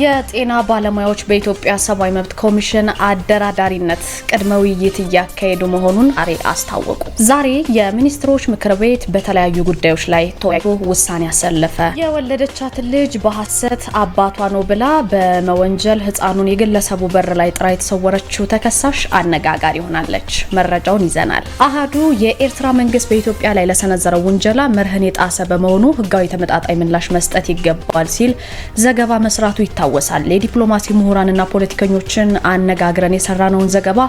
የጤና ባለሙያዎች በኢትዮጵያ ሰብአዊ መብት ኮሚሽን አደራዳሪነት ቅድመ ውይይት እያካሄዱ መሆኑን አሬ አስታወቁ። ዛሬ የሚኒስትሮች ምክር ቤት በተለያዩ ጉዳዮች ላይ ተወያይቶ ውሳኔ ያሳለፈ። የወለደቻትን ልጅ በሐሰት አባቷ ነው ብላ በመወንጀል ህፃኑን የግለሰቡ በር ላይ ጥራ የተሰወረችው ተከሳሽ አነጋጋሪ ሆናለች። መረጃውን ይዘናል። አሃዱ የኤርትራ መንግስት በኢትዮጵያ ላይ ለሰነዘረው ውንጀላ መርህን የጣሰ በመሆኑ ህጋዊ ተመጣጣኝ ምላሽ መስጠት ይገባል ሲል ዘገባ መስራቱ ይታል ይታወሳል። የዲፕሎማሲ ምሁራንና ፖለቲከኞችን አነጋግረን የሰራነውን ዘገባ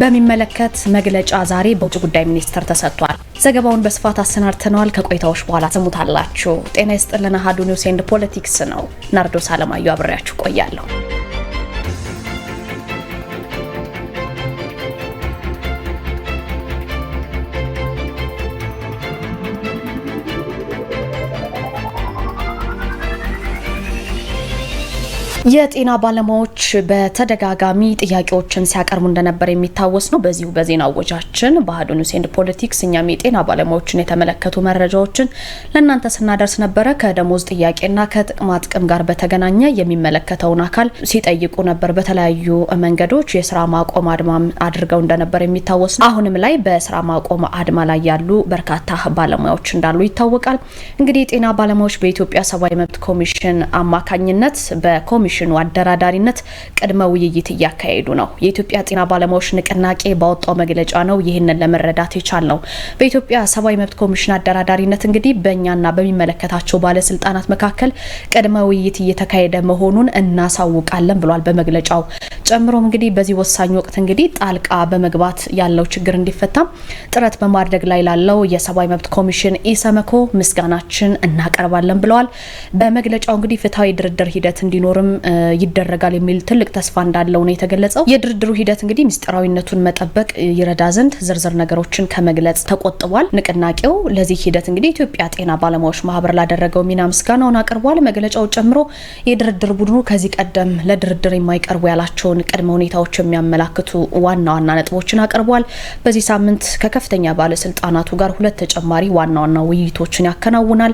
በሚመለከት መግለጫ ዛሬ በውጭ ጉዳይ ሚኒስቴር ተሰጥቷል። ዘገባውን በስፋት አሰናድተነዋል። ከቆይታዎች በኋላ ትሰሙታላችሁ። ጤና ይስጥልን። አሀዱ ኒውስ ኤንድ ፖለቲክስ ነው። ናርዶስ አለማየሁ አብሬያችሁ ቆያለሁ። የጤና ባለሙያዎች በተደጋጋሚ ጥያቄዎችን ሲያቀርቡ እንደነበር የሚታወስ ነው። በዚሁ በዜና ወጃችን ባህዶ ኒውስ ኤንድ ፖለቲክስ እኛም የጤና ባለሙያዎችን የተመለከቱ መረጃዎችን ለእናንተ ስናደርስ ነበረ። ከደሞዝ ጥያቄና ከጥቅማ ጥቅም ጋር በተገናኘ የሚመለከተውን አካል ሲጠይቁ ነበር። በተለያዩ መንገዶች የስራ ማቆም አድማ አድርገው እንደነበር የሚታወስ ነው። አሁንም ላይ በስራ ማቆም አድማ ላይ ያሉ በርካታ ባለሙያዎች እንዳሉ ይታወቃል። እንግዲህ የጤና ባለሙያዎች በኢትዮጵያ ሰብአዊ መብት ኮሚሽን አማካኝነት በኮሚ ኮሚሽኑ አደራዳሪነት ቅድመ ውይይት እያካሄዱ ነው። የኢትዮጵያ ጤና ባለሙያዎች ንቅናቄ ባወጣው መግለጫ ነው ይህንን ለመረዳት የቻል ነው። በኢትዮጵያ ሰብአዊ መብት ኮሚሽን አደራዳሪነት እንግዲህ በእኛና በሚመለከታቸው ባለስልጣናት መካከል ቅድመ ውይይት እየተካሄደ መሆኑን እናሳውቃለን ብሏል በመግለጫው። ጨምሮም እንግዲህ በዚህ ወሳኝ ወቅት እንግዲህ ጣልቃ በመግባት ያለው ችግር እንዲፈታ ጥረት በማድረግ ላይ ላለው የሰብአዊ መብት ኮሚሽን ኢሰመኮ ምስጋናችን እናቀርባለን ብለዋል። በመግለጫው እንግዲህ ፍትሐዊ ድርድር ሂደት እንዲኖርም ይደረጋል የሚል ትልቅ ተስፋ እንዳለው ነው የተገለጸው። የድርድሩ ሂደት እንግዲህ ምስጢራዊነቱን መጠበቅ ይረዳ ዘንድ ዝርዝር ነገሮችን ከመግለጽ ተቆጥቧል። ንቅናቄው ለዚህ ሂደት እንግዲህ ኢትዮጵያ ጤና ባለሙያዎች ማህበር ላደረገው ሚና ምስጋናውን አቅርቧል። መግለጫው ጨምሮ የድርድር ቡድኑ ከዚህ ቀደም ለድርድር የማይቀርቡ ያላቸውን ቅድመ ሁኔታዎች የሚያመላክቱ ዋና ዋና ነጥቦችን አቅርቧል። በዚህ ሳምንት ከከፍተኛ ባለስልጣናቱ ጋር ሁለት ተጨማሪ ዋና ዋና ውይይቶችን ያከናውናል።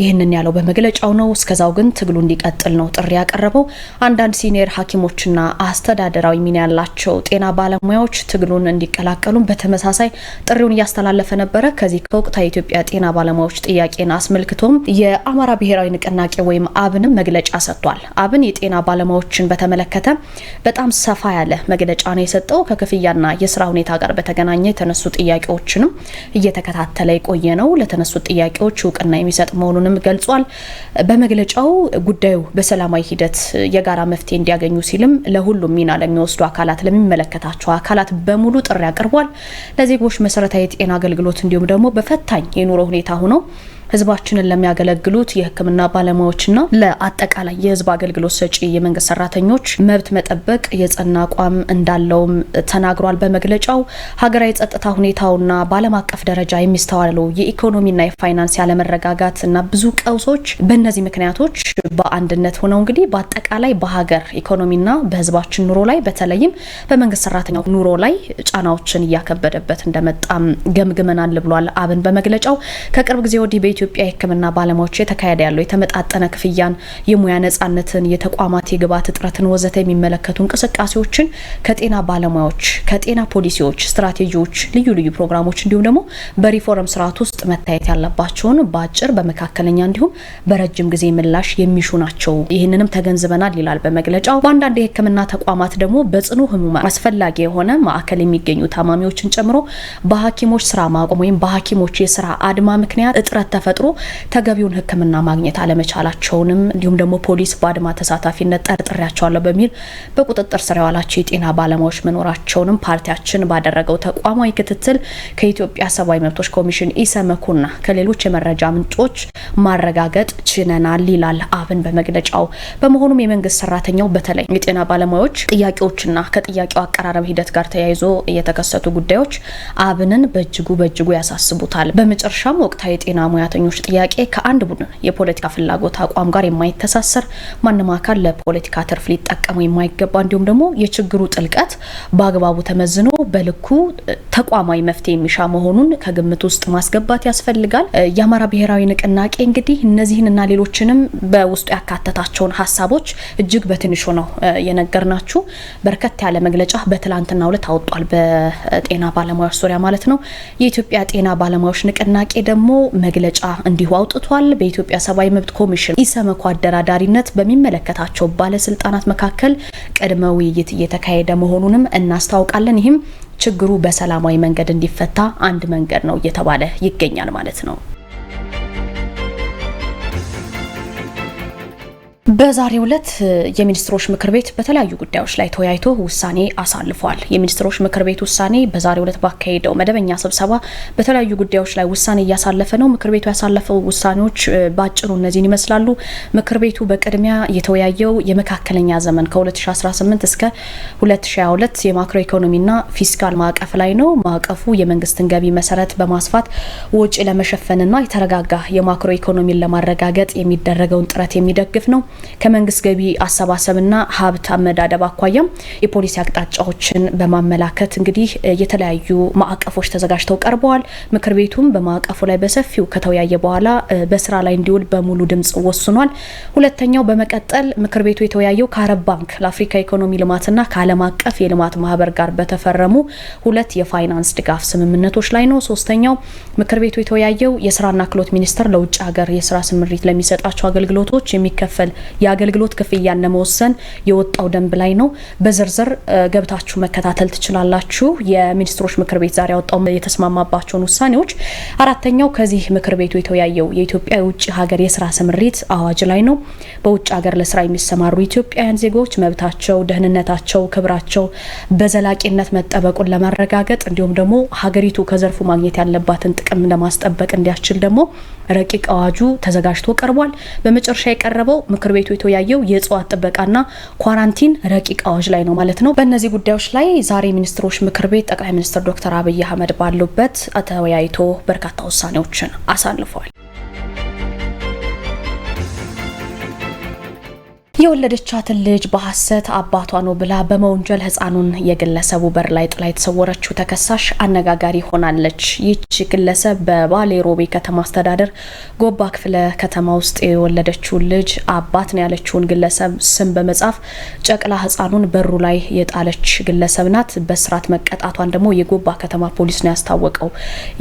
ይህንን ያለው በመግለጫው ነው። እስከዛው ግን ትግሉ እንዲቀጥል ነው ጥሪ ያቀረ የቀረበው አንዳንድ ሲኒየር ሐኪሞችና አስተዳደራዊ ሚና ያላቸው ጤና ባለሙያዎች ትግሉን እንዲቀላቀሉ በተመሳሳይ ጥሪውን እያስተላለፈ ነበረ። ከዚህ ከወቅታዊ የኢትዮጵያ ጤና ባለሙያዎች ጥያቄን አስመልክቶም የአማራ ብሔራዊ ንቅናቄ ወይም አብንም መግለጫ ሰጥቷል። አብን የጤና ባለሙያዎችን በተመለከተ በጣም ሰፋ ያለ መግለጫ ነው የሰጠው። ከክፍያና የስራ ሁኔታ ጋር በተገናኘ የተነሱ ጥያቄዎችንም እየተከታተለ የቆየ ነው። ለተነሱ ጥያቄዎች እውቅና የሚሰጥ መሆኑንም ገልጿል። በመግለጫው ጉዳዩ በሰላማዊ ሂደት ውጤት የጋራ መፍትሄ እንዲያገኙ ሲልም ለሁሉም ሚና ለሚወስዱ አካላት፣ ለሚመለከታቸው አካላት በሙሉ ጥሪ አቅርቧል። ለዜጎች መሰረታዊ የጤና አገልግሎት እንዲሁም ደግሞ በፈታኝ የኑሮ ሁኔታ ሆነው ህዝባችንን ለሚያገለግሉት የህክምና ባለሙያዎችና ለአጠቃላይ የህዝብ አገልግሎት ሰጪ የመንግስት ሰራተኞች መብት መጠበቅ የጸና አቋም እንዳለውም ተናግሯል። በመግለጫው ሀገራዊ ጸጥታ ሁኔታውና በዓለም አቀፍ ደረጃ የሚስተዋሉ የኢኮኖሚና የፋይናንስ ያለመረጋጋት እና ብዙ ቀውሶች በእነዚህ ምክንያቶች በአንድነት ሆነው እንግዲህ በአጠቃላይ በሀገር ኢኮኖሚና በህዝባችን ኑሮ ላይ በተለይም በመንግስት ሰራተኛው ኑሮ ላይ ጫናዎችን እያከበደበት እንደመጣም ገምግመናል ብሏል። አብን በመግለጫው ከቅርብ ጊዜ ወዲህ የኢትዮጵያ የሕክምና ባለሙያዎች የተካሄደ ያለው የተመጣጠነ ክፍያን፣ የሙያ ነጻነትን፣ የተቋማት የግብዓት እጥረትን ወዘተ የሚመለከቱ እንቅስቃሴዎችን ከጤና ባለሙያዎች ከጤና ፖሊሲዎች፣ ስትራቴጂዎች፣ ልዩ ልዩ ፕሮግራሞች እንዲሁም ደግሞ በሪፎርም ስርዓት ውስጥ መታየት ያለባቸውን በአጭር በመካከለኛ እንዲሁም በረጅም ጊዜ ምላሽ የሚሹ ናቸው። ይህንንም ተገንዝበናል ይላል በመግለጫው። በአንዳንድ የሕክምና ተቋማት ደግሞ በጽኑ ህሙማን አስፈላጊ የሆነ ማዕከል የሚገኙ ታማሚዎችን ጨምሮ በሐኪሞች ስራ ማቆም ወይም በሐኪሞች የስራ አድማ ምክንያት እጥረት ተፈጥሮ ተገቢውን ሕክምና ማግኘት አለመቻላቸውንም እንዲሁም ደግሞ ፖሊስ በአድማ ተሳታፊነት ጠርጥሬያቸዋለሁ በሚል በቁጥጥር ስር የዋላቸው የጤና ባለሙያዎች መኖራቸውንም ፓርቲያችን ባደረገው ተቋማዊ ክትትል ከኢትዮጵያ ሰብአዊ መብቶች ኮሚሽን ኢሰመኮና ከሌሎች የመረጃ ምንጮች ማረጋገጥ ችነናል ይላል አብን በመግለጫው። በመሆኑም የመንግስት ሰራተኛው በተለይ የጤና ባለሙያዎች ጥያቄዎችና ከጥያቄው አቀራረብ ሂደት ጋር ተያይዞ የተከሰቱ ጉዳዮች አብንን በእጅጉ በእጅጉ ያሳስቡታል። በመጨረሻም ወቅታዊ የጤና ሙያ የጋዜጠኞች ጥያቄ ከአንድ ቡድን የፖለቲካ ፍላጎት አቋም ጋር የማይተሳሰር ማንም አካል ለፖለቲካ ትርፍ ሊጠቀሙ የማይገባ እንዲሁም ደግሞ የችግሩ ጥልቀት በአግባቡ ተመዝኖ በልኩ ተቋማዊ መፍትሄ የሚሻ መሆኑን ከግምት ውስጥ ማስገባት ያስፈልጋል። የአማራ ብሔራዊ ንቅናቄ እንግዲህ እነዚህንና ሌሎችንም በውስጡ ያካተታቸውን ሀሳቦች እጅግ በትንሹ ነው የነገርናችሁ። በርከት ያለ መግለጫ በትላንትናው ዕለት አወጧል፣ በጤና ባለሙያዎች ዙሪያ ማለት ነው። የኢትዮጵያ ጤና ባለሙያዎች ንቅናቄ ደግሞ መግለጫ እንዲሁ አውጥቷል። በኢትዮጵያ ሰብአዊ መብት ኮሚሽን ኢሰመኮ አደራዳሪነት በሚመለከታቸው ባለስልጣናት መካከል ቅድመ ውይይት እየተካሄደ መሆኑንም እናስታውቃለን። ይህም ችግሩ በሰላማዊ መንገድ እንዲፈታ አንድ መንገድ ነው እየተባለ ይገኛል ማለት ነው። በዛሬ ዕለት የሚኒስትሮች ምክር ቤት በተለያዩ ጉዳዮች ላይ ተወያይቶ ውሳኔ አሳልፏል። የሚኒስትሮች ምክር ቤት ውሳኔ በዛሬ ዕለት ባካሄደው መደበኛ ስብሰባ በተለያዩ ጉዳዮች ላይ ውሳኔ እያሳለፈ ነው። ምክር ቤቱ ያሳለፈው ውሳኔዎች በአጭሩ እነዚህን ይመስላሉ። ምክር ቤቱ በቅድሚያ የተወያየው የመካከለኛ ዘመን ከ2018 እስከ 2022 የማክሮ ኢኮኖሚና ፊስካል ማዕቀፍ ላይ ነው። ማዕቀፉ የመንግስትን ገቢ መሰረት በማስፋት ወጪ ለመሸፈንና የተረጋጋ የማክሮ ኢኮኖሚን ለማረጋገጥ የሚደረገውን ጥረት የሚደግፍ ነው። ከመንግስት ገቢ አሰባሰብና ሀብት አመዳደብ አኳያም የፖሊሲ አቅጣጫዎችን በማመላከት እንግዲህ የተለያዩ ማዕቀፎች ተዘጋጅተው ቀርበዋል። ምክር ቤቱም በማዕቀፉ ላይ በሰፊው ከተወያየ በኋላ በስራ ላይ እንዲውል በሙሉ ድምጽ ወስኗል። ሁለተኛው በመቀጠል ምክር ቤቱ የተወያየው ከአረብ ባንክ ለአፍሪካ ኢኮኖሚ ልማትና ከዓለም አቀፍ የልማት ማህበር ጋር በተፈረሙ ሁለት የፋይናንስ ድጋፍ ስምምነቶች ላይ ነው። ሶስተኛው ምክር ቤቱ የተወያየው የስራና ክህሎት ሚኒስቴር ለውጭ ሀገር የስራ ስምሪት ለሚሰጣቸው አገልግሎቶች የሚከፈል የአገልግሎት ክፍያን ለመወሰን የወጣው ደንብ ላይ ነው። በዝርዝር ገብታችሁ መከታተል ትችላላችሁ። የሚኒስትሮች ምክር ቤት ዛሬ ያወጣው የተስማማባቸውን ውሳኔዎች። አራተኛው ከዚህ ምክር ቤቱ የተወያየው የኢትዮጵያ የውጭ ሀገር የስራ ስምሪት አዋጅ ላይ ነው። በውጭ ሀገር ለስራ የሚሰማሩ ኢትዮጵያውያን ዜጎች መብታቸው፣ ደህንነታቸው፣ ክብራቸው በዘላቂነት መጠበቁን ለማረጋገጥ እንዲሁም ደግሞ ሀገሪቱ ከዘርፉ ማግኘት ያለባትን ጥቅም ለማስጠበቅ እንዲያስችል ደግሞ ረቂቅ አዋጁ ተዘጋጅቶ ቀርቧል። በመጨረሻ የቀረበው ምክር ቤቱ የተወያየው የእጽዋት ጥበቃና ኳራንቲን ረቂቅ አዋጅ ላይ ነው ማለት ነው። በእነዚህ ጉዳዮች ላይ ዛሬ ሚኒስትሮች ምክር ቤት ጠቅላይ ሚኒስትር ዶክተር አብይ አህመድ ባሉበት ተወያይቶ በርካታ ውሳኔዎችን አሳልፏል። የወለደቻትን ልጅ በሐሰት አባቷ ነው ብላ በመወንጀል ህፃኑን የግለሰቡ በር ላይ ጥላ የተሰወረችው ተከሳሽ አነጋጋሪ ሆናለች። ይህች ግለሰብ በባሌ ሮቤ ከተማ አስተዳደር ጎባ ክፍለ ከተማ ውስጥ የወለደችውን ልጅ አባት ነው ያለችውን ግለሰብ ስም በመጻፍ ጨቅላ ህፃኑን በሩ ላይ የጣለች ግለሰብ ናት። በስርዓት መቀጣቷን ደግሞ የጎባ ከተማ ፖሊስ ነው ያስታወቀው።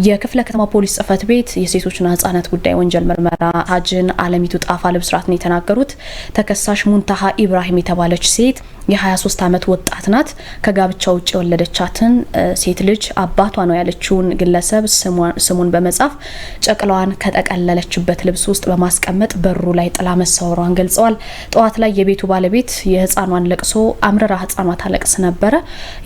የክፍለ ከተማ ፖሊስ ጽህፈት ቤት የሴቶችና ህጻናት ጉዳይ ወንጀል ምርመራ ሳጅን አለሚቱ ጣፋ ልብስራት ነው የተናገሩት ተከሳሽ منتها ابراهیم توالچ سید የ23 ዓመት ወጣት ናት። ከጋብቻ ውጭ የወለደቻትን ሴት ልጅ አባቷ ነው ያለችውን ግለሰብ ስሙን በመጻፍ ጨቅላዋን ከጠቀለለችበት ልብስ ውስጥ በማስቀመጥ በሩ ላይ ጥላ መሰወሯን ገልጸዋል። ጠዋት ላይ የቤቱ ባለቤት የህፃኗን ለቅሶ አምርራ ህፃኗ ታለቅስ ነበረ።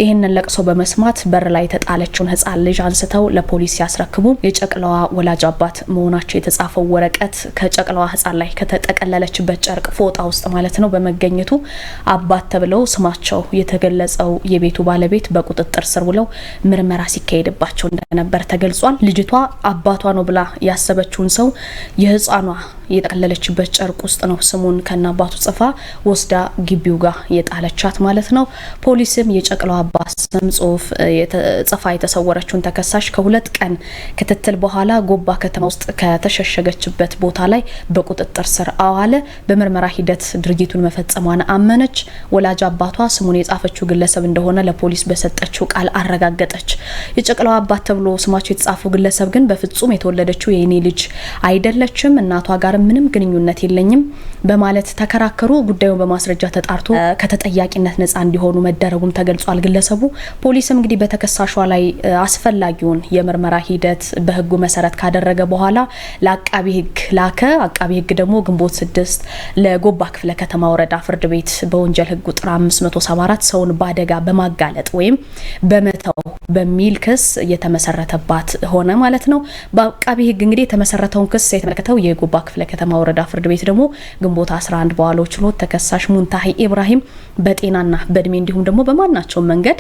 ይህንን ለቅሶ በመስማት በር ላይ የተጣለችውን ህፃን ልጅ አንስተው ለፖሊስ ሲያስረክቡ የጨቅላዋ ወላጅ አባት መሆናቸው የተጻፈው ወረቀት ከጨቅላዋ ህፃን ላይ ከተጠቀለለችበት ጨርቅ ፎጣ ውስጥ ማለት ነው በመገኘቱ አባት ተብለ ብለው ስማቸው የተገለጸው የቤቱ ባለቤት በቁጥጥር ስር ውለው ምርመራ ሲካሄድባቸው እንደነበር ተገልጿል። ልጅቷ አባቷ ነው ብላ ያሰበችውን ሰው የህፃኗ የጠቀለለችበት ጨርቅ ውስጥ ነው ስሙን ከነአባቱ ጽፋ ወስዳ ግቢው ጋር የጣለቻት ማለት ነው። ፖሊስም የጨቅላው አባት ስም ጽሁፍ ጽፋ የተሰወረችውን ተከሳሽ ከሁለት ቀን ክትትል በኋላ ጎባ ከተማ ውስጥ ከተሸሸገችበት ቦታ ላይ በቁጥጥር ስር አዋለ። በምርመራ ሂደት ድርጊቱን መፈጸሟን አመነች። ወላጅ ወላጅ አባቷ ስሙን የጻፈችው ግለሰብ እንደሆነ ለፖሊስ በሰጠችው ቃል አረጋገጠች። የጨቅላው አባት ተብሎ ስማቸው የተጻፈው ግለሰብ ግን በፍጹም የተወለደችው የኔ ልጅ አይደለችም፣ እናቷ ጋር ምንም ግንኙነት የለኝም፣ በማለት ተከራከሩ። ጉዳዩን በማስረጃ ተጣርቶ ከተጠያቂነት ነጻ እንዲሆኑ መደረጉም ተገልጿል። ግለሰቡ ፖሊስም እንግዲህ በተከሳሿ ላይ አስፈላጊውን የምርመራ ሂደት በህጉ መሰረት ካደረገ በኋላ ለአቃቢ ህግ ላከ። አቃቢ ህግ ደግሞ ግንቦት ስድስት ለጎባ ክፍለ ከተማ ወረዳ ፍርድ ቤት በወንጀል ህግ ቁጥር 574 ሰውን በአደጋ በማጋለጥ ወይም በመተው በሚል ክስ የተመሰረተባት ሆነ ማለት ነው። በአቃቢ ህግ እንግዲህ የተመሰረተውን ክስ የተመለከተው የጎባ ክፍለ ከተማ ወረዳ ፍርድ ቤት ደግሞ ግንቦት 11 በዋለው ችሎት ተከሳሽ ሙንታሂ ኢብራሂም በጤናና በእድሜ እንዲሁም ደግሞ በማናቸው መንገድ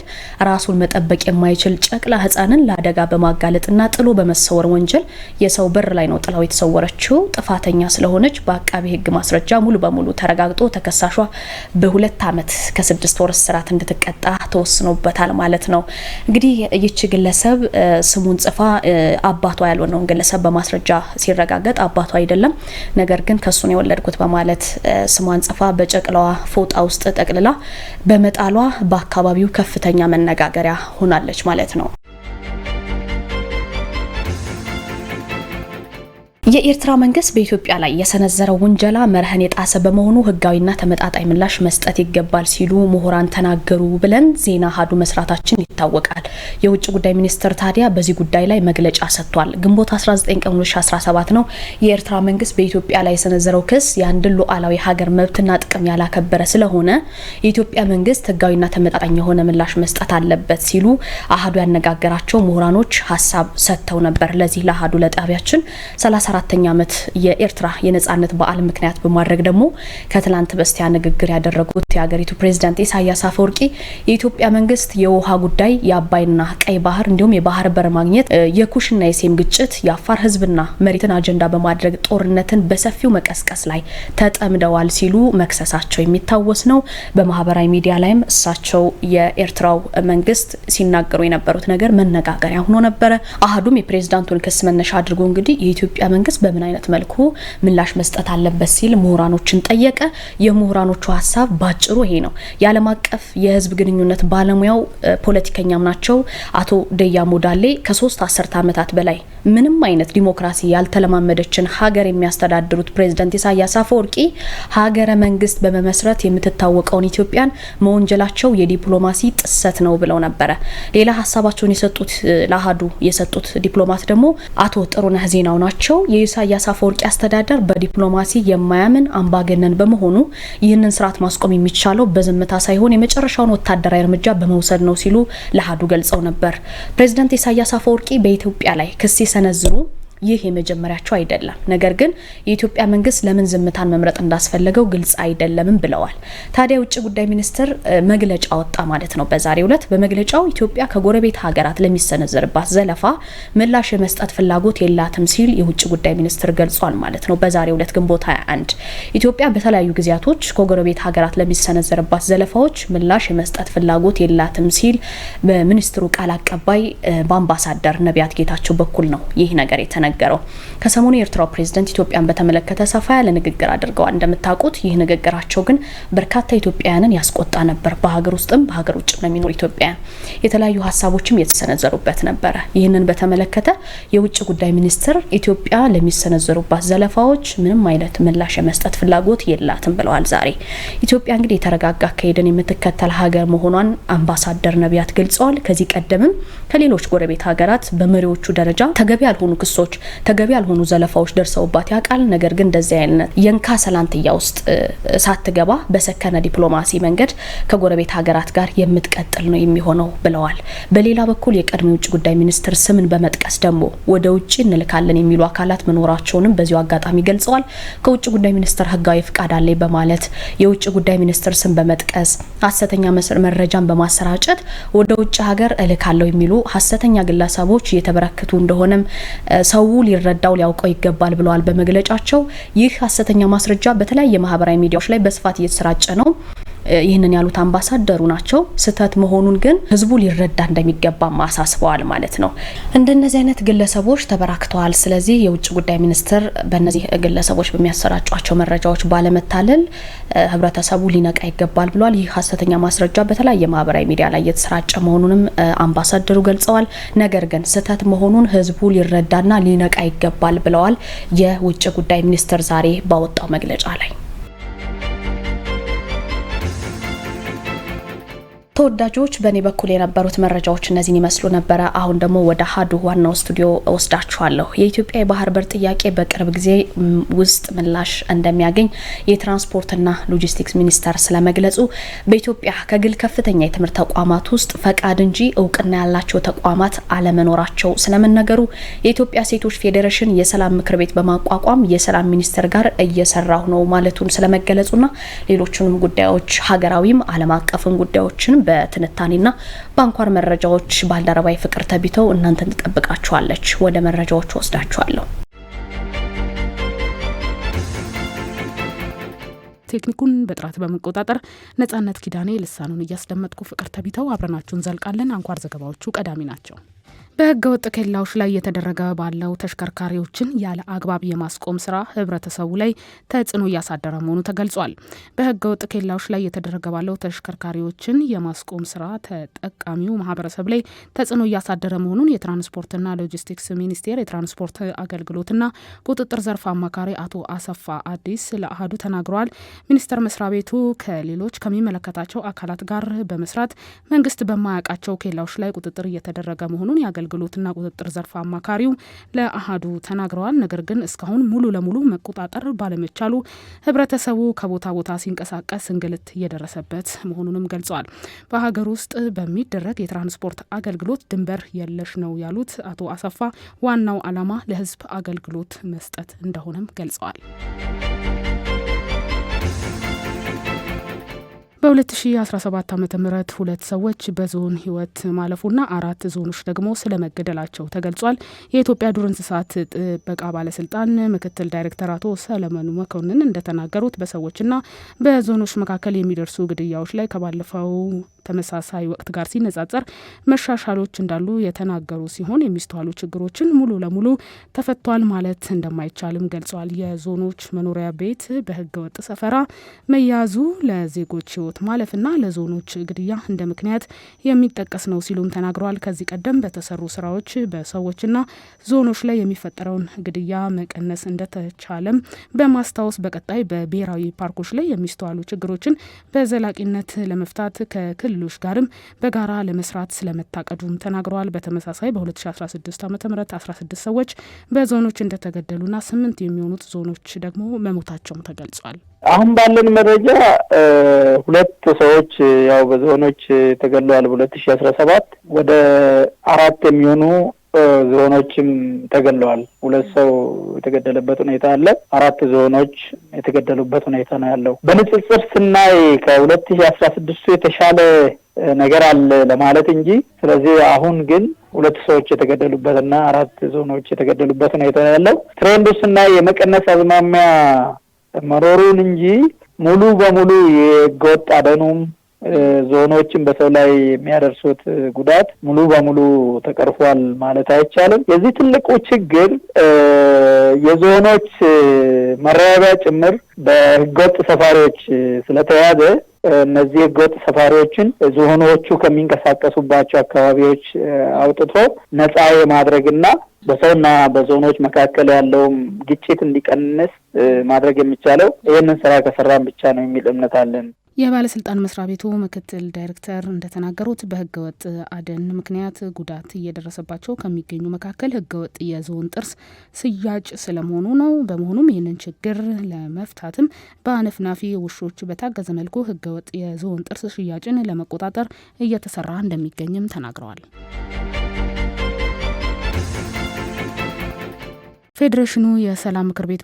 ራሱን መጠበቅ የማይችል ጨቅላ ህፃንን ለአደጋ በማጋለጥና ጥሎ በመሰወር ወንጀል የሰው በር ላይ ነው ጥላው የተሰወረችው ጥፋተኛ ስለሆነች በአቃቢ ህግ ማስረጃ ሙሉ በሙሉ ተረጋግጦ ተከሳሿ በሁለት ዓመት ከስድስት ወር እስራት እንድትቀጣ ተወስኖበታል ማለት ነው። እንግዲህ ይቺ ግለሰብ ስሙን ጽፋ አባቷ ያልሆነውን ግለሰብ በማስረጃ ሲረጋገጥ አባቷ አይደለም ነገር ግን ከሱ የወለድኩት በማ በማለት ስሟን ጽፋ በጨቅላዋ ፎጣ ውስጥ ጠቅልላ በመጣሏ በአካባቢው ከፍተኛ መነጋገሪያ ሆናለች ማለት ነው። የኤርትራ መንግስት በኢትዮጵያ ላይ የሰነዘረው ውንጀላ መርህን የጣሰ በመሆኑ ህጋዊና ተመጣጣኝ ምላሽ መስጠት ይገባል ሲሉ ምሁራን ተናገሩ ብለን ዜና አሐዱ መስራታችን ይታወቃል። የውጭ ጉዳይ ሚኒስትር ታዲያ በዚህ ጉዳይ ላይ መግለጫ ሰጥቷል። ግንቦት 19 ቀን 2017 ነው የኤርትራ መንግስት በኢትዮጵያ ላይ የሰነዘረው ክስ የአንድን ሉዓላዊ ሀገር መብትና ጥቅም ያላከበረ ስለሆነ የኢትዮጵያ መንግስት ህጋዊና ተመጣጣኝ የሆነ ምላሽ መስጠት አለበት ሲሉ አህዱ ያነጋገራቸው ምሁራኖች ሀሳብ ሰጥተው ነበር። ለዚህ ለአሐዱ ለጣቢያችን አራተኛ ዓመት የኤርትራ የነጻነት በዓል ምክንያት በማድረግ ደግሞ ከትላንት በስቲያ ንግግር ያደረጉት የሀገሪቱ ፕሬዚዳንት ኢሳያስ አፈወርቂ የኢትዮጵያ መንግስት የውሃ ጉዳይ የአባይና ቀይ ባህር እንዲሁም የባህር በር ማግኘት፣ የኩሽና የሴም ግጭት፣ የአፋር ህዝብና መሬትን አጀንዳ በማድረግ ጦርነትን በሰፊው መቀስቀስ ላይ ተጠምደዋል ሲሉ መክሰሳቸው የሚታወስ ነው። በማህበራዊ ሚዲያ ላይም እሳቸው የኤርትራው መንግስት ሲናገሩ የነበሩት ነገር መነጋገሪያ ሆኖ ነበረ። አህዱም የፕሬዚዳንቱን ክስ መነሻ አድርጎ እንግዲህ የኢትዮጵያ መንግስት መንግስት በምን አይነት መልኩ ምላሽ መስጠት አለበት ሲል ምሁራኖችን ጠየቀ። የምሁራኖቹ ሀሳብ ባጭሩ ይሄ ነው። የዓለም አቀፍ የህዝብ ግንኙነት ባለሙያው ፖለቲከኛም ናቸው አቶ ደያ ሞዳሌ ከሶስት አስርተ ዓመታት በላይ ምንም አይነት ዲሞክራሲ ያልተለማመደችን ሀገር የሚያስተዳድሩት ፕሬዝደንት ኢሳያስ አፈወርቂ ሀገረ መንግስት በመመስረት የምትታወቀውን ኢትዮጵያን መወንጀላቸው የዲፕሎማሲ ጥሰት ነው ብለው ነበረ። ሌላ ሀሳባቸውን የሰጡት ለአሀዱ የሰጡት ዲፕሎማት ደግሞ አቶ ጥሩነህ ዜናው ናቸው። የኢሳያስ አፈወርቂ አስተዳደር በዲፕሎማሲ የማያምን አምባገነን በመሆኑ ይህንን ስርዓት ማስቆም የሚቻለው በዝምታ ሳይሆን የመጨረሻውን ወታደራዊ እርምጃ በመውሰድ ነው ሲሉ ለአሀዱ ገልጸው ነበር። ፕሬዚዳንት ኢሳያስ አፈወርቂ በኢትዮጵያ ላይ ክስ ሲሰነዝሩ ይህ የመጀመሪያቸው አይደለም። ነገር ግን የኢትዮጵያ መንግስት ለምን ዝምታን መምረጥ እንዳስፈለገው ግልጽ አይደለምም ብለዋል። ታዲያ የውጭ ጉዳይ ሚኒስትር መግለጫ ወጣ ማለት ነው በዛሬው ሁለት በመግለጫው ኢትዮጵያ ከጎረቤት ሀገራት ለሚሰነዘርባት ዘለፋ ምላሽ የመስጠት ፍላጎት የላትም ሲል የውጭ ጉዳይ ሚኒስትር ገልጿል ማለት ነው በዛሬው ዕለት ግንቦት 21 ኢትዮጵያ በተለያዩ ጊዜያቶች ከጎረቤት ሀገራት ለሚሰነዘርባት ዘለፋዎች ምላሽ የመስጠት ፍላጎት የላትም ሲል በሚኒስትሩ ቃል አቀባይ በአምባሳደር ነቢያት ጌታቸው በኩል ነው ይህ ነገር የተነ የተነገረው። ከሰሞኑ የኤርትራው ፕሬዝደንት ኢትዮጵያን በተመለከተ ሰፋ ያለ ንግግር አድርገዋል። እንደምታውቁት ይህ ንግግራቸው ግን በርካታ ኢትዮጵያውያንን ያስቆጣ ነበር። በሀገር ውስጥም በሀገር ውጭም ለሚኖሩ ኢትዮጵያውያን የተለያዩ ሀሳቦችም የተሰነዘሩበት ነበረ። ይህንን በተመለከተ የውጭ ጉዳይ ሚኒስትር ኢትዮጵያ ለሚሰነዘሩባት ዘለፋዎች ምንም አይነት ምላሽ የመስጠት ፍላጎት የላትም ብለዋል። ዛሬ ኢትዮጵያ እንግዲህ የተረጋጋ አካሄድን የምትከተል ሀገር መሆኗን አምባሳደር ነቢያት ገልጸዋል። ከዚህ ቀደምም ከሌሎች ጎረቤት ሀገራት በመሪዎቹ ደረጃ ተገቢ ያልሆኑ ክሶች ተገቢ ያልሆኑ ዘለፋዎች ደርሰውባት ያውቃል። ነገር ግን እንደዚህ አይነት የንካ ሰላንትያ ውስጥ ሳትገባ በሰከነ ዲፕሎማሲ መንገድ ከጎረቤት ሀገራት ጋር የምትቀጥል ነው የሚሆነው ብለዋል። በሌላ በኩል የቀድሞ የውጭ ጉዳይ ሚኒስትር ስምን በመጥቀስ ደግሞ ወደ ውጭ እንልካለን የሚሉ አካላት መኖራቸውንም በዚሁ አጋጣሚ ገልጸዋል። ከውጭ ጉዳይ ሚኒስትር ህጋዊ ፍቃድ አለኝ በማለት የውጭ ጉዳይ ሚኒስትር ስም በመጥቀስ ሀሰተኛ መረጃን በማሰራጨት ወደ ውጭ ሀገር እልካለሁ የሚሉ ሀሰተኛ ግለሰቦች እየተበረከቱ እንደሆነም ሰው ህዝቡ ሊረዳው ሊያውቀው ይገባል ብለዋል በመግለጫቸው። ይህ ሀሰተኛ ማስረጃ በተለያየ ማህበራዊ ሚዲያዎች ላይ በስፋት እየተሰራጨ ነው። ይህንን ያሉት አምባሳደሩ ናቸው። ስህተት መሆኑን ግን ህዝቡ ሊረዳ እንደሚገባ አሳስበዋል ማለት ነው። እንደነዚህ አይነት ግለሰቦች ተበራክተዋል። ስለዚህ የውጭ ጉዳይ ሚኒስትር በእነዚህ ግለሰቦች በሚያሰራጯቸው መረጃዎች ባለመታለል ህብረተሰቡ ሊነቃ ይገባል ብሏል። ይህ ሀሰተኛ ማስረጃ በተለያየ ማህበራዊ ሚዲያ ላይ የተሰራጨ መሆኑንም አምባሳደሩ ገልጸዋል። ነገር ግን ስህተት መሆኑን ህዝቡ ሊረዳና ሊነቃ ይገባል ብለዋል የውጭ ጉዳይ ሚኒስትር ዛሬ ባወጣው መግለጫ ላይ ተወዳጆች፣ በእኔ በኩል የነበሩት መረጃዎች እነዚህን ይመስሉ ነበረ። አሁን ደግሞ ወደ ሀዱ ዋናው ስቱዲዮ ወስዳችኋለሁ። የኢትዮጵያ የባህር በር ጥያቄ በቅርብ ጊዜ ውስጥ ምላሽ እንደሚያገኝ የትራንስፖርትና ሎጂስቲክስ ሚኒስቴር ስለመግለጹ፣ በኢትዮጵያ ከግል ከፍተኛ የትምህርት ተቋማት ውስጥ ፈቃድ እንጂ እውቅና ያላቸው ተቋማት አለመኖራቸው ስለመነገሩ፣ የኢትዮጵያ ሴቶች ፌዴሬሽን የሰላም ምክር ቤት በማቋቋም የሰላም ሚኒስቴር ጋር እየሰራሁ ነው ማለቱን ስለመገለጹና ሌሎቹንም ጉዳዮች ሀገራዊም አለም አቀፍም ጉዳዮችን በትንታኔና በአንኳር መረጃዎች ባልደረባዊ ፍቅር ተቢተው እናንተን ትጠብቃችኋለች። ወደ መረጃዎች ወስዳችኋለሁ። ቴክኒኩን በጥራት በመቆጣጠር ነጻነት ኪዳኔ ልሳኑን እያስደመጥኩ ፍቅር ተቢተው አብረናችሁን ዘልቃለን። አንኳር ዘገባዎቹ ቀዳሚ ናቸው። በህገ ወጥ ኬላዎች ላይ እየተደረገ ባለው ተሽከርካሪዎችን ያለ አግባብ የማስቆም ስራ ህብረተሰቡ ላይ ተጽዕኖ እያሳደረ መሆኑ ተገልጿል። በህገ ወጥ ኬላዎች ላይ እየተደረገ ባለው ተሽከርካሪዎችን የማስቆም ስራ ተጠቃሚው ማህበረሰብ ላይ ተጽዕኖ እያሳደረ መሆኑን የትራንስፖርትና ሎጂስቲክስ ሚኒስቴር የትራንስፖርት አገልግሎትና ቁጥጥር ዘርፍ አማካሪ አቶ አሰፋ አዲስ ለአህዱ ተናግረዋል። ሚኒስቴር መስሪያ ቤቱ ከሌሎች ከሚመለከታቸው አካላት ጋር በመስራት መንግስት በማያውቃቸው ኬላዎች ላይ ቁጥጥር እየተደረገ መሆኑን ያገል አገልግሎትና ቁጥጥር ዘርፍ አማካሪው ለአሃዱ ተናግረዋል። ነገር ግን እስካሁን ሙሉ ለሙሉ መቆጣጠር ባለመቻሉ ህብረተሰቡ ከቦታ ቦታ ሲንቀሳቀስ እንግልት እየደረሰበት መሆኑንም ገልጸዋል። በሀገር ውስጥ በሚደረግ የትራንስፖርት አገልግሎት ድንበር የለሽ ነው ያሉት አቶ አሰፋ ዋናው ዓላማ ለህዝብ አገልግሎት መስጠት እንደሆነም ገልጸዋል። በ2017 ዓ ም ሁለት ሰዎች በዞን ህይወት ማለፉና አራት ዞኖች ደግሞ ስለመገደላቸው ተገልጿል። የኢትዮጵያ ዱር እንስሳት ጥበቃ ባለስልጣን ምክትል ዳይሬክተር አቶ ሰለሞኑ መኮንን እንደተናገሩት በሰዎችና በዞኖች መካከል የሚደርሱ ግድያዎች ላይ ከባለፈው ተመሳሳይ ወቅት ጋር ሲነጻጸር መሻሻሎች እንዳሉ የተናገሩ ሲሆን የሚስተዋሉ ችግሮችን ሙሉ ለሙሉ ተፈቷል ማለት እንደማይቻልም ገልጸዋል። የዞኖች መኖሪያ ቤት በህገወጥ ሰፈራ መያዙ ለዜጎች ህይወት ማለፍና ለዞኖች ግድያ እንደ ምክንያት የሚጠቀስ ነው ሲሉም ተናግረዋል። ከዚህ ቀደም በተሰሩ ስራዎች በሰዎችና ዞኖች ላይ የሚፈጠረውን ግድያ መቀነስ እንደተቻለም በማስታወስ በቀጣይ በብሔራዊ ፓርኮች ላይ የሚስተዋሉ ችግሮችን በዘላቂነት ለመፍታት ከክልሎች ጋርም በጋራ ለመስራት ስለመታቀዱም ተናግረዋል። በተመሳሳይ በ2016 ዓ ም 16 ሰዎች በዞኖች እንደተገደሉና ስምንት የሚሆኑት ዞኖች ደግሞ መሞታቸውም ተገልጿል። አሁን ባለን መረጃ ሁለት ሰዎች ያው በዝሆኖች ተገለዋል። በሁለት ሺ አስራ ሰባት ወደ አራት የሚሆኑ ዝሆኖችም ተገለዋል። ሁለት ሰው የተገደለበት ሁኔታ አለ። አራት ዝሆኖች የተገደሉበት ሁኔታ ነው ያለው። በንጽጽር ስናይ ከሁለት ሺ አስራ ስድስቱ የተሻለ ነገር አለ ለማለት እንጂ። ስለዚህ አሁን ግን ሁለት ሰዎች የተገደሉበትና አራት ዝሆኖች የተገደሉበት ሁኔታ ያለው ትሬንዱ ስናይ የመቀነስ አዝማሚያ መኖሩን እንጂ ሙሉ በሙሉ የህገወጥ አደኑም ዞኖችን በሰው ላይ የሚያደርሱት ጉዳት ሙሉ በሙሉ ተቀርፏል ማለት አይቻልም። የዚህ ትልቁ ችግር የዞኖች መረባቢያ ጭምር በህገወጥ ሰፋሪዎች ስለተያዘ እነዚህ ህገወጥ ሰፋሪዎችን ዞኖቹ ከሚንቀሳቀሱባቸው አካባቢዎች አውጥቶ ነፃ የማድረግና በሰውና በዞኖች መካከል ያለውም ግጭት እንዲቀንስ ማድረግ የሚቻለው ይህንን ስራ ከሰራን ብቻ ነው የሚል እምነት አለን። የባለስልጣን መስሪያ ቤቱ ምክትል ዳይሬክተር እንደተናገሩት በህገወጥ አደን ምክንያት ጉዳት እየደረሰባቸው ከሚገኙ መካከል ህገወጥ የዝሆን ጥርስ ስያጭ ስለመሆኑ ነው። በመሆኑም ይህንን ችግር ለመፍታትም በአነፍናፊ ውሾች በታገዘ መልኩ ህገወጥ የዝሆን ጥርስ ሽያጭን ለመቆጣጠር እየተሰራ እንደሚገኝም ተናግረዋል። ፌዴሬሽኑ የሰላም ምክር ቤት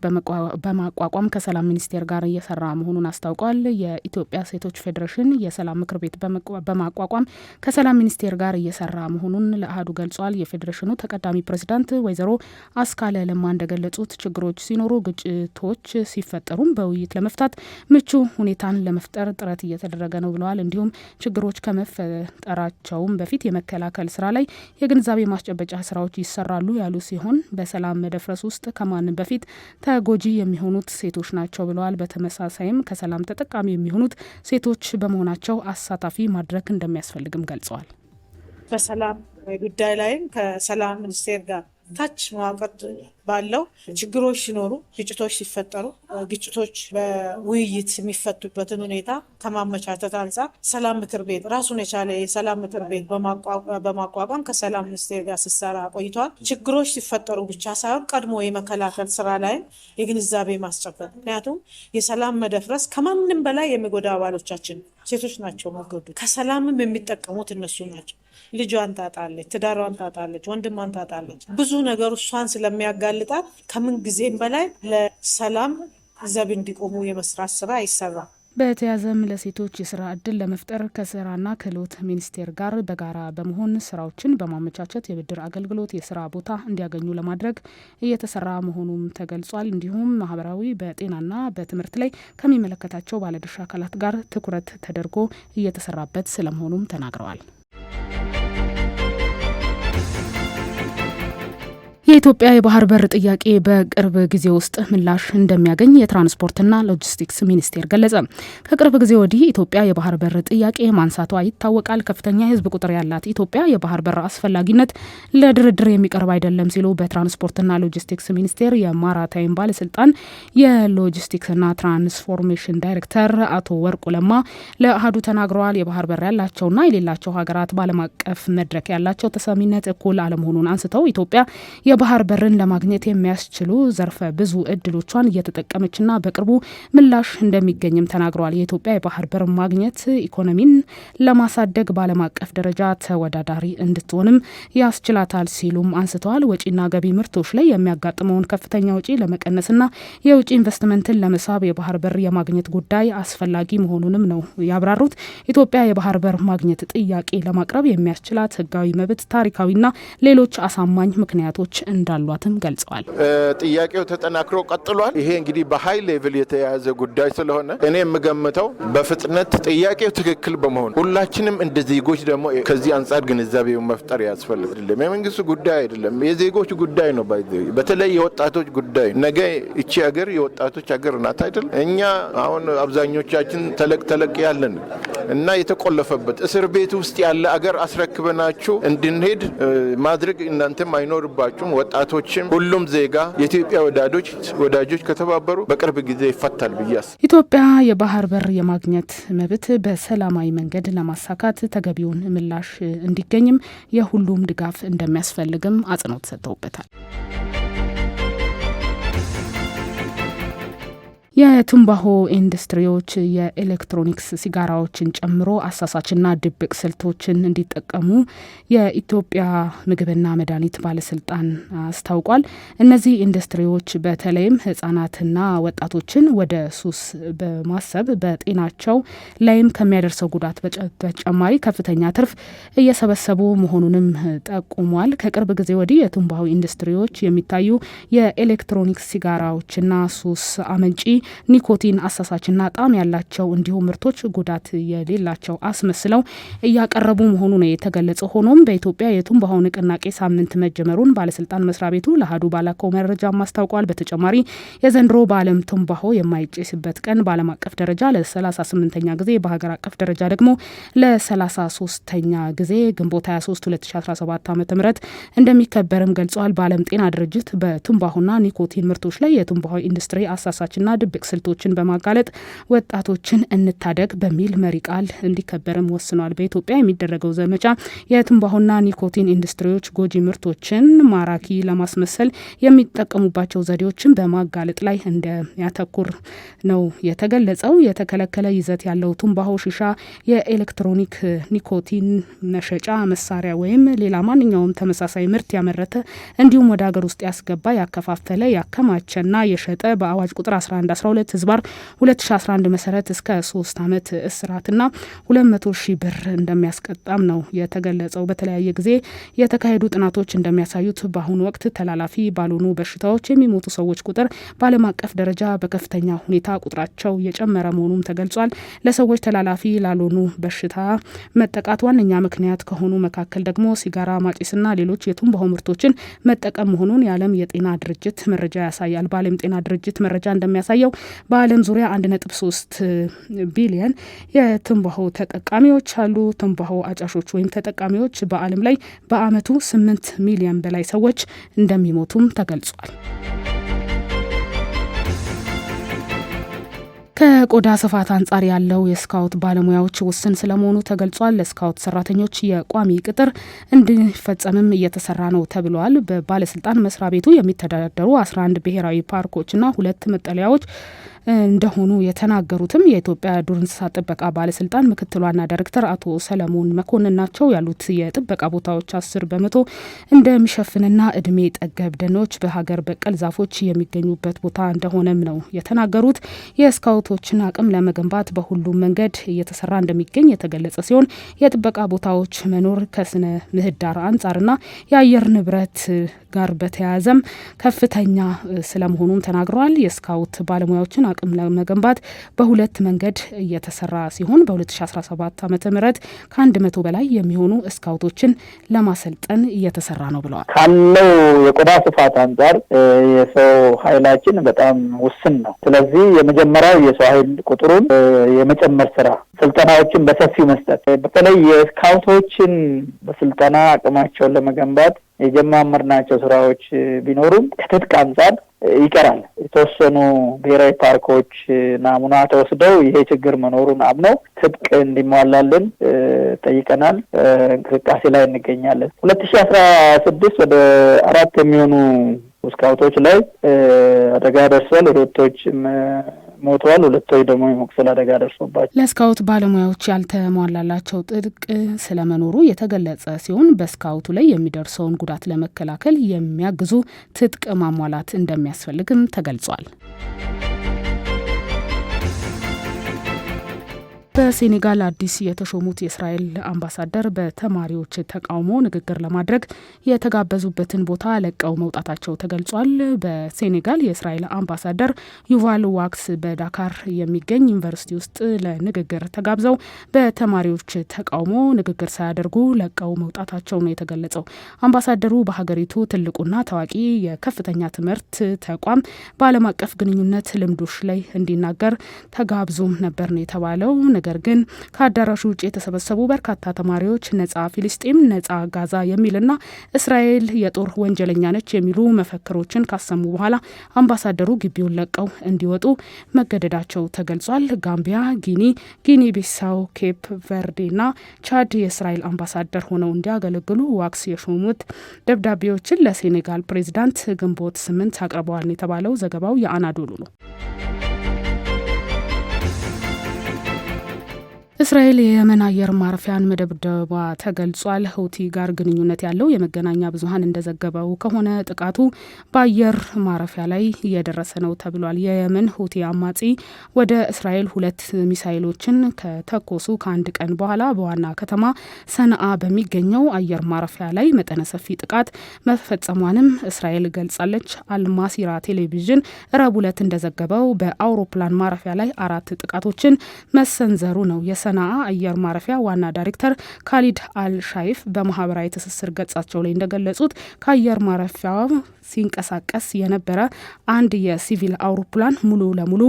በማቋቋም ከሰላም ሚኒስቴር ጋር እየሰራ መሆኑን አስታውቋል። የኢትዮጵያ ሴቶች ፌዴሬሽን የሰላም ምክር ቤት በማቋቋም ከሰላም ሚኒስቴር ጋር እየሰራ መሆኑን ለአህዱ ገልጿል። የፌዴሬሽኑ ተቀዳሚ ፕሬዚዳንት ወይዘሮ አስካለ ለማ እንደገለጹት ችግሮች ሲኖሩ፣ ግጭቶች ሲፈጠሩም በውይይት ለመፍታት ምቹ ሁኔታን ለመፍጠር ጥረት እየተደረገ ነው ብለዋል። እንዲሁም ችግሮች ከመፈጠራቸውም በፊት የመከላከል ስራ ላይ የግንዛቤ ማስጨበጫ ስራዎች ይሰራሉ ያሉ ሲሆን በሰላም መደፍረሱ ውስጥ ከማንም በፊት ተጎጂ የሚሆኑት ሴቶች ናቸው ብለዋል። በተመሳሳይም ከሰላም ተጠቃሚ የሚሆኑት ሴቶች በመሆናቸው አሳታፊ ማድረግ እንደሚያስፈልግም ገልጸዋል። በሰላም ጉዳይ ላይም ከሰላም ሚኒስቴር ጋር ታች መዋቅር ባለው ችግሮች ሲኖሩ፣ ግጭቶች ሲፈጠሩ፣ ግጭቶች በውይይት የሚፈቱበትን ሁኔታ ከማመቻቸት አንጻር ሰላም ምክር ቤት ራሱን የቻለ የሰላም ምክር ቤት በማቋቋም ከሰላም ሚኒስቴር ጋር ስሰራ ቆይተዋል። ችግሮች ሲፈጠሩ ብቻ ሳይሆን ቀድሞ የመከላከል ስራ ላይም የግንዛቤ ማስጨበጥ ምክንያቱም የሰላም መደፍረስ ከማንም በላይ የሚጎዳ አባሎቻችን ሴቶች ናቸው። መገዱ ከሰላምም የሚጠቀሙት እነሱ ናቸው። ልጇን ታጣለች፣ ትዳሯን ታጣለች፣ ወንድሟን ታጣለች። ብዙ ነገር እሷን ስለሚያጋልጣት ከምን ጊዜም በላይ ለሰላም ዘብ እንዲቆሙ የመስራት ስራ አይሰራም። በተያዘም ለሴቶች የስራ እድል ለመፍጠር ከስራና ክህሎት ሚኒስቴር ጋር በጋራ በመሆን ስራዎችን በማመቻቸት የብድር አገልግሎት የስራ ቦታ እንዲያገኙ ለማድረግ እየተሰራ መሆኑም ተገልጿል። እንዲሁም ማህበራዊ በጤናና በትምህርት ላይ ከሚመለከታቸው ባለድርሻ አካላት ጋር ትኩረት ተደርጎ እየተሰራበት ስለመሆኑም ተናግረዋል። የኢትዮጵያ የባህር በር ጥያቄ በቅርብ ጊዜ ውስጥ ምላሽ እንደሚያገኝ የትራንስፖርትና ሎጂስቲክስ ሚኒስቴር ገለጸ። ከቅርብ ጊዜ ወዲህ ኢትዮጵያ የባህር በር ጥያቄ ማንሳቷ ይታወቃል። ከፍተኛ የሕዝብ ቁጥር ያላት ኢትዮጵያ የባህር በር አስፈላጊነት ለድርድር የሚቀርብ አይደለም ሲሉ በትራንስፖርትና ሎጂስቲክስ ሚኒስቴር የማራታይም ባለስልጣን የሎጂስቲክስና ትራንስፎርሜሽን ዳይሬክተር አቶ ወርቁ ለማ ለአህዱ ተናግረዋል። የባህር በር ያላቸውና የሌላቸው ሀገራት በዓለም አቀፍ መድረክ ያላቸው ተሰሚነት እኩል አለመሆኑን አንስተው ኢትዮጵያ የባህር በርን ለማግኘት የሚያስችሉ ዘርፈ ብዙ እድሎቿን እየተጠቀመችና በቅርቡ ምላሽ እንደሚገኝም ተናግረዋል። የኢትዮጵያ የባህር በር ማግኘት ኢኮኖሚን ለማሳደግ በዓለም አቀፍ ደረጃ ተወዳዳሪ እንድትሆንም ያስችላታል ሲሉም አንስተዋል። ወጪና ገቢ ምርቶች ላይ የሚያጋጥመውን ከፍተኛ ወጪ ለመቀነስና የውጭ ኢንቨስትመንትን ለመሳብ የባህር በር የማግኘት ጉዳይ አስፈላጊ መሆኑንም ነው ያብራሩት። ኢትዮጵያ የባህር በር ማግኘት ጥያቄ ለማቅረብ የሚያስችላት ህጋዊ መብት፣ ታሪካዊና ሌሎች አሳማኝ ምክንያቶች እንዳሏትም ገልጸዋል። ጥያቄው ተጠናክሮ ቀጥሏል። ይሄ እንግዲህ በሀይ ሌቭል የተያያዘ ጉዳይ ስለሆነ እኔ የምገምተው በፍጥነት ጥያቄው ትክክል በመሆኑ ሁላችንም እንደ ዜጎች ደግሞ ከዚህ አንጻር ግንዛቤ መፍጠር ያስፈልግ አይደለም። የመንግስት ጉዳይ አይደለም፣ የዜጎች ጉዳይ ነው። በተለይ የወጣቶች ጉዳይ ነገ እቺ ሀገር የወጣቶች ሀገር ናት አይደል? እኛ አሁን አብዛኞቻችን ተለቅ ተለቅ ያለን እና የተቆለፈበት እስር ቤት ውስጥ ያለ አገር አስረክበናችሁ እንድንሄድ ማድረግ እናንተም አይኖርባችሁም። ወጣቶችም፣ ሁሉም ዜጋ የኢትዮጵያ ወዳጆች ወዳጆች ከተባበሩ በቅርብ ጊዜ ይፈታል ብያስ ኢትዮጵያ የባህር በር የማግኘት መብት በሰላማዊ መንገድ ለማሳካት ተገቢውን ምላሽ እንዲገኝም የሁሉም ድጋፍ እንደሚያስፈልግም አጽንኦት ሰጥተውበታል። የትንባሆ ኢንዱስትሪዎች የኤሌክትሮኒክስ ሲጋራዎችን ጨምሮ አሳሳችና ድብቅ ስልቶችን እንዲጠቀሙ የኢትዮጵያ ምግብና መድኃኒት ባለስልጣን አስታውቋል። እነዚህ ኢንዱስትሪዎች በተለይም ህጻናትና ወጣቶችን ወደ ሱስ በማሰብ በጤናቸው ላይም ከሚያደርሰው ጉዳት በተጨማሪ ከፍተኛ ትርፍ እየሰበሰቡ መሆኑንም ጠቁሟል። ከቅርብ ጊዜ ወዲህ የትንባሆ ኢንዱስትሪዎች የሚታዩ የኤሌክትሮኒክስ ሲጋራዎችና ሱስ አመንጪ ኒኮቲን አሳሳችና ጣም ያላቸው እንዲሁም ምርቶች ጉዳት የሌላቸው አስመስለው እያቀረቡ መሆኑ ነው የተገለጸ። ሆኖም በኢትዮጵያ የቱንባሆ ንቅናቄ ሳምንት መጀመሩን ባለስልጣን መስሪያ ቤቱ ለአሀዱ ባላከው መረጃ አስታውቋል። በተጨማሪ የዘንድሮ በዓለም ቱንባሆ የማይጨስበት ቀን በዓለም አቀፍ ደረጃ ለ38ኛ ጊዜ በሀገር አቀፍ ደረጃ ደግሞ ለ33ኛ ጊዜ ግንቦት 23 2017 ዓ ም እንደሚከበርም ገልጸዋል። በዓለም ጤና ድርጅት በቱንባሆና ኒኮቲን ምርቶች ላይ የቱንባሆ ኢንዱስትሪ አሳሳችና የድብቅ ስልቶችን በማጋለጥ ወጣቶችን እንታደግ በሚል መሪ ቃል እንዲከበርም ወስኗል። በኢትዮጵያ የሚደረገው ዘመቻ የትንባሆና ኒኮቲን ኢንዱስትሪዎች ጎጂ ምርቶችን ማራኪ ለማስመሰል የሚጠቀሙባቸው ዘዴዎችን በማጋለጥ ላይ እንደሚያተኩር ነው የተገለጸው። የተከለከለ ይዘት ያለው ትንባሆ፣ ሺሻ፣ የኤሌክትሮኒክ ኒኮቲን መሸጫ መሳሪያ ወይም ሌላ ማንኛውም ተመሳሳይ ምርት ያመረተ እንዲሁም ወደ ሀገር ውስጥ ያስገባ ያከፋፈለ ያከማቸና የሸጠ በአዋጅ ቁጥር 12 ህዝባር 2011 መሰረት እስከ ሶስት ዓመት እስራትና 200 ሺህ ብር እንደሚያስቀጣም ነው የተገለጸው። በተለያየ ጊዜ የተካሄዱ ጥናቶች እንደሚያሳዩት በአሁኑ ወቅት ተላላፊ ባልሆኑ በሽታዎች የሚሞቱ ሰዎች ቁጥር በዓለም አቀፍ ደረጃ በከፍተኛ ሁኔታ ቁጥራቸው የጨመረ መሆኑም ተገልጿል። ለሰዎች ተላላፊ ላልሆኑ በሽታ መጠቃት ዋነኛ ምክንያት ከሆኑ መካከል ደግሞ ሲጋራ ማጭስና ሌሎች የቱንባሆ ምርቶችን መጠቀም መሆኑን የዓለም የጤና ድርጅት መረጃ ያሳያል። በዓለም ጤና ድርጅት መረጃ እንደሚያሳየው በዓለም ዙሪያ አንድ ሶስት ቢሊየን የትንባሆ ተጠቃሚዎች አሉ። ትንባሆ አጫሾች ወይም ተጠቃሚዎች በዓለም ላይ በአመቱ ስምንት ሚሊዮን በላይ ሰዎች እንደሚሞቱም ተገልጿል። ከቆዳ ስፋት አንጻር ያለው የስካውት ባለሙያዎች ውስን ስለመሆኑ ተገልጿል። ለስካውት ሰራተኞች የቋሚ ቅጥር እንዲፈጸምም እየተሰራ ነው ተብሏል። በባለስልጣን መስሪያ ቤቱ የሚተዳደሩ 11 ብሔራዊ ፓርኮችና ሁለት መጠለያዎች እንደሆኑ የተናገሩትም የኢትዮጵያ ዱር እንስሳት ጥበቃ ባለስልጣን ምክትል ዋና ዳይሬክተር አቶ ሰለሞን መኮንን ናቸው። ያሉት የጥበቃ ቦታዎች አስር በመቶ እንደሚሸፍንና እድሜ ጠገብ ደኖች በሀገር በቀል ዛፎች የሚገኙበት ቦታ እንደሆነም ነው የተናገሩት። የስካውቶችን አቅም ለመገንባት በሁሉም መንገድ እየተሰራ እንደሚገኝ የተገለጸ ሲሆን የጥበቃ ቦታዎች መኖር ከስነ ምህዳር አንጻርና የአየር ንብረት ጋር በተያያዘም ከፍተኛ ስለመሆኑም ተናግረዋል። የስካውት ባለሙያዎችን አቅም ለመገንባት በሁለት መንገድ እየተሰራ ሲሆን በ2017 ዓ ም ከአንድ መቶ በላይ የሚሆኑ እስካውቶችን ለማሰልጠን እየተሰራ ነው ብለዋል። ካለው የቆዳ ስፋት አንጻር የሰው ኃይላችን በጣም ውስን ነው። ስለዚህ የመጀመሪያው የሰው ኃይል ቁጥሩን የመጨመር ስራ ስልጠናዎችን በሰፊው መስጠት በተለይ የስካውቶችን በስልጠና አቅማቸውን ለመገንባት የጀማመርናቸው ስራዎች ቢኖሩም ከትጥቅ አንጻር ይቀራል። የተወሰኑ ብሔራዊ ፓርኮች ናሙና ተወስደው ይሄ ችግር መኖሩን አምነው ትጥቅ እንዲሟላልን ጠይቀናል። እንቅስቃሴ ላይ እንገኛለን። ሁለት ሺ አስራ ስድስት ወደ አራት የሚሆኑ ስካውቶች ላይ አደጋ ደርሷል። ሮቶች ሞተዋል። ሁለት ደግሞ የመቁሰል አደጋ ደርሶባቸው ለስካውት ባለሙያዎች ያልተሟላላቸው ጥብቅ ስለመኖሩ የተገለጸ ሲሆን በስካውቱ ላይ የሚደርሰውን ጉዳት ለመከላከል የሚያግዙ ትጥቅ ማሟላት እንደሚያስፈልግም ተገልጿል። በሴኔጋል አዲስ የተሾሙት የእስራኤል አምባሳደር በተማሪዎች ተቃውሞ ንግግር ለማድረግ የተጋበዙበትን ቦታ ለቀው መውጣታቸው ተገልጿል። በሴኔጋል የእስራኤል አምባሳደር ዩቫል ዋክስ በዳካር የሚገኝ ዩኒቨርሲቲ ውስጥ ለንግግር ተጋብዘው በተማሪዎች ተቃውሞ ንግግር ሳያደርጉ ለቀው መውጣታቸው ነው የተገለጸው። አምባሳደሩ በሀገሪቱ ትልቁና ታዋቂ የከፍተኛ ትምህርት ተቋም በዓለም አቀፍ ግንኙነት ልምዶች ላይ እንዲናገር ተጋብዞም ነበር ነው የተባለው። ነገር ግን ከአዳራሹ ውጭ የተሰበሰቡ በርካታ ተማሪዎች ነጻ ፊልስጤም፣ ነጻ ጋዛ የሚልና እስራኤል የጦር ወንጀለኛ ነች የሚሉ መፈክሮችን ካሰሙ በኋላ አምባሳደሩ ግቢውን ለቀው እንዲወጡ መገደዳቸው ተገልጿል። ጋምቢያ፣ ጊኒ፣ ጊኒ ቢሳው፣ ኬፕ ቨርዴና ቻድ የእስራኤል አምባሳደር ሆነው እንዲያገለግሉ ዋክስ የሾሙት ደብዳቤዎችን ለሴኔጋል ፕሬዚዳንት ግንቦት ስምንት አቅርበዋል የተባለው ዘገባው የአናዶሉ ነው። እስራኤል የየመን አየር ማረፊያን መደብደቧ ተገልጿል። ሁቲ ጋር ግንኙነት ያለው የመገናኛ ብዙኃን እንደዘገበው ከሆነ ጥቃቱ በአየር ማረፊያ ላይ እየደረሰ ነው ተብሏል። የየመን ሁቲ አማጺ ወደ እስራኤል ሁለት ሚሳይሎችን ከተኮሱ ከአንድ ቀን በኋላ በዋና ከተማ ሰንአ በሚገኘው አየር ማረፊያ ላይ መጠነ ሰፊ ጥቃት መፈጸሟንም እስራኤል ገልጻለች። አልማሲራ ቴሌቪዥን ረቡዕ ዕለት እንደዘገበው በአውሮፕላን ማረፊያ ላይ አራት ጥቃቶችን መሰንዘሩ ነው ሰናአ አየር ማረፊያ ዋና ዳይሬክተር ካሊድ አልሻይፍ በማህበራዊ ትስስር ገጻቸው ላይ እንደገለጹት ከአየር ማረፊያው ሲንቀሳቀስ የነበረ አንድ የሲቪል አውሮፕላን ሙሉ ለሙሉ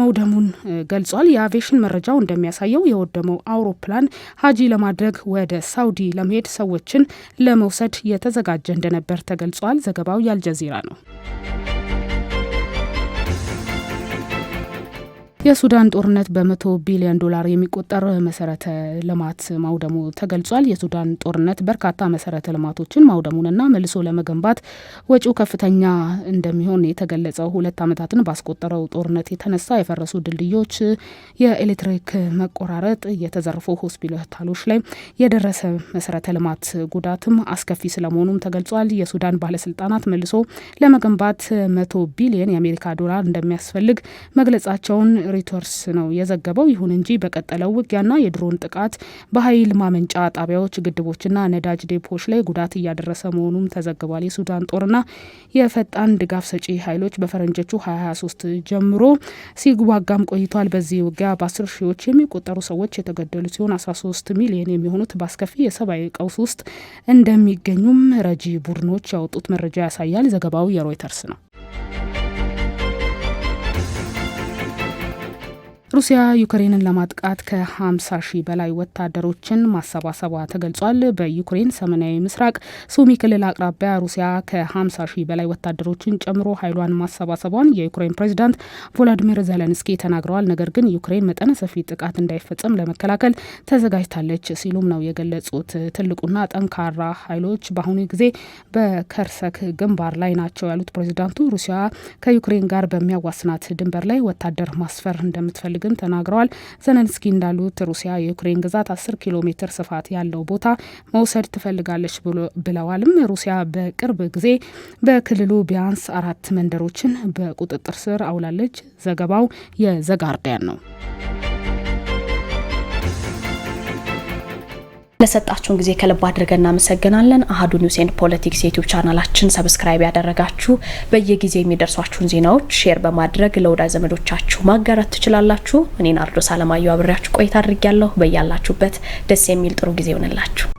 መውደሙን ገልጿል። የአቪዬሽን መረጃው እንደሚያሳየው የወደመው አውሮፕላን ሀጂ ለማድረግ ወደ ሳውዲ ለመሄድ ሰዎችን ለመውሰድ የተዘጋጀ እንደነበር ተገልጿል። ዘገባው የአልጀዚራ ነው። የሱዳን ጦርነት በመቶ ቢሊዮን ዶላር የሚቆጠር መሰረተ ልማት ማውደሙ ተገልጿል። የሱዳን ጦርነት በርካታ መሰረተ ልማቶችን ማውደሙንና መልሶ ለመገንባት ወጪው ከፍተኛ እንደሚሆን የተገለጸው ሁለት ዓመታትን ባስቆጠረው ጦርነት የተነሳ የፈረሱ ድልድዮች፣ የኤሌክትሪክ መቆራረጥ፣ የተዘረፉ ሆስፒታሎች ላይ የደረሰ መሰረተ ልማት ጉዳትም አስከፊ ስለመሆኑም ተገልጿል። የሱዳን ባለስልጣናት መልሶ ለመገንባት መቶ ቢሊዮን የአሜሪካ ዶላር እንደሚያስፈልግ መግለጻቸውን ሮይተርስ ነው የዘገበው። ይሁን እንጂ በቀጠለው ውጊያና የድሮን ጥቃት በኃይል ማመንጫ ጣቢያዎች፣ ግድቦችና ነዳጅ ዴፖች ላይ ጉዳት እያደረሰ መሆኑም ተዘግቧል። የሱዳን ጦርና የፈጣን ድጋፍ ሰጪ ኃይሎች በፈረንጆቹ 2023 ጀምሮ ሲዋጋም ቆይቷል። በዚህ ውጊያ በአስር ሺዎች የሚቆጠሩ ሰዎች የተገደሉ ሲሆን 13 ሚሊዮን የሚሆኑት በአስከፊ የሰብአዊ ቀውስ ውስጥ እንደሚገኙም ረጂ ቡድኖች ያወጡት መረጃ ያሳያል። ዘገባው የሮይተርስ ነው። ሩሲያ ዩክሬንን ለማጥቃት ከ50 ሺህ በላይ ወታደሮችን ማሰባሰቧ ተገልጿል። በዩክሬን ሰሜናዊ ምስራቅ ሱሚ ክልል አቅራቢያ ሩሲያ ከ50 ሺህ በላይ ወታደሮችን ጨምሮ ኃይሏን ማሰባሰቧን የዩክሬን ፕሬዚዳንት ቮላዲሚር ዘለንስኪ ተናግረዋል። ነገር ግን ዩክሬን መጠነ ሰፊ ጥቃት እንዳይፈጸም ለመከላከል ተዘጋጅታለች ሲሉም ነው የገለጹት። ትልቁና ጠንካራ ኃይሎች በአሁኑ ጊዜ በከርሰክ ግንባር ላይ ናቸው ያሉት ፕሬዚዳንቱ ሩሲያ ከዩክሬን ጋር በሚያዋስናት ድንበር ላይ ወታደር ማስፈር እንደምትፈልግ ግን ተናግረዋል። ዘለንስኪ እንዳሉት ሩሲያ የዩክሬን ግዛት አስር ኪሎ ሜትር ስፋት ያለው ቦታ መውሰድ ትፈልጋለች ብለዋልም። ሩሲያ በቅርብ ጊዜ በክልሉ ቢያንስ አራት መንደሮችን በቁጥጥር ስር አውላለች። ዘገባው የዘጋርዲያን ነው። ለሰጣችሁን ጊዜ ከልብ አድርገን እናመሰግናለን። አሀዱ ኒውስ ኤንድ ፖለቲክስ የዩቲዩብ ቻናላችን ሰብስክራይብ ያደረጋችሁ በየጊዜ የሚደርሷችሁን ዜናዎች ሼር በማድረግ ለወዳጅ ዘመዶቻችሁ ማጋራት ትችላላችሁ። እኔን አርዶስ አለማየሁ አብሬያችሁ ቆይታ አድርጊያለሁ። በያላችሁበት ደስ የሚል ጥሩ ጊዜ ይሆንላችሁ።